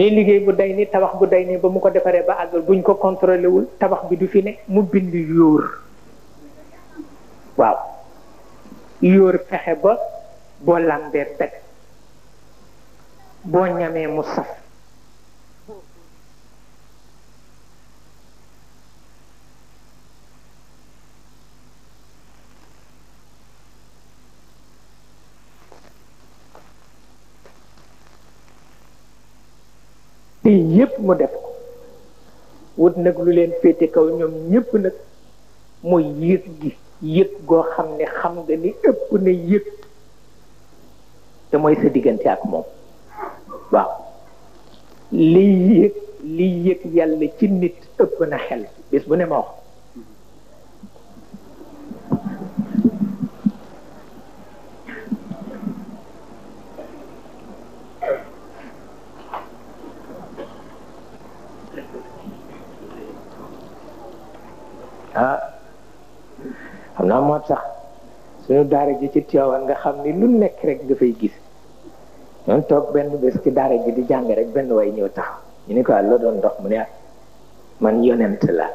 ni liggéey bu day ni tabax bu day ni ba mu ko defaree ba àggal buñ ko contrôlé wul tabax bi du fi ne mu bind yóor waaw yóor fexe ba boo làmbee pet boo ñamee mu saf te yépp mu def ko wut nag lu leen féete kaw ñoom ñépp nag mooy yëg gi yëg goo xam ne xam nga ni ëpp na yëg te mooy sa diggante ak moom waaw liy yëg liy yëg yàlla ci nit ëpp na xel bis bu ne ma wax ah xam naa moo sax suñu daara ji ci Tiwaawan nga xam ni lu nekk rek dafay fay gis ñoom toog benn bés ci daara ji di jàng rek benn way ñëw taxaw ñu ni ko loo doon dox mu ne man yonent la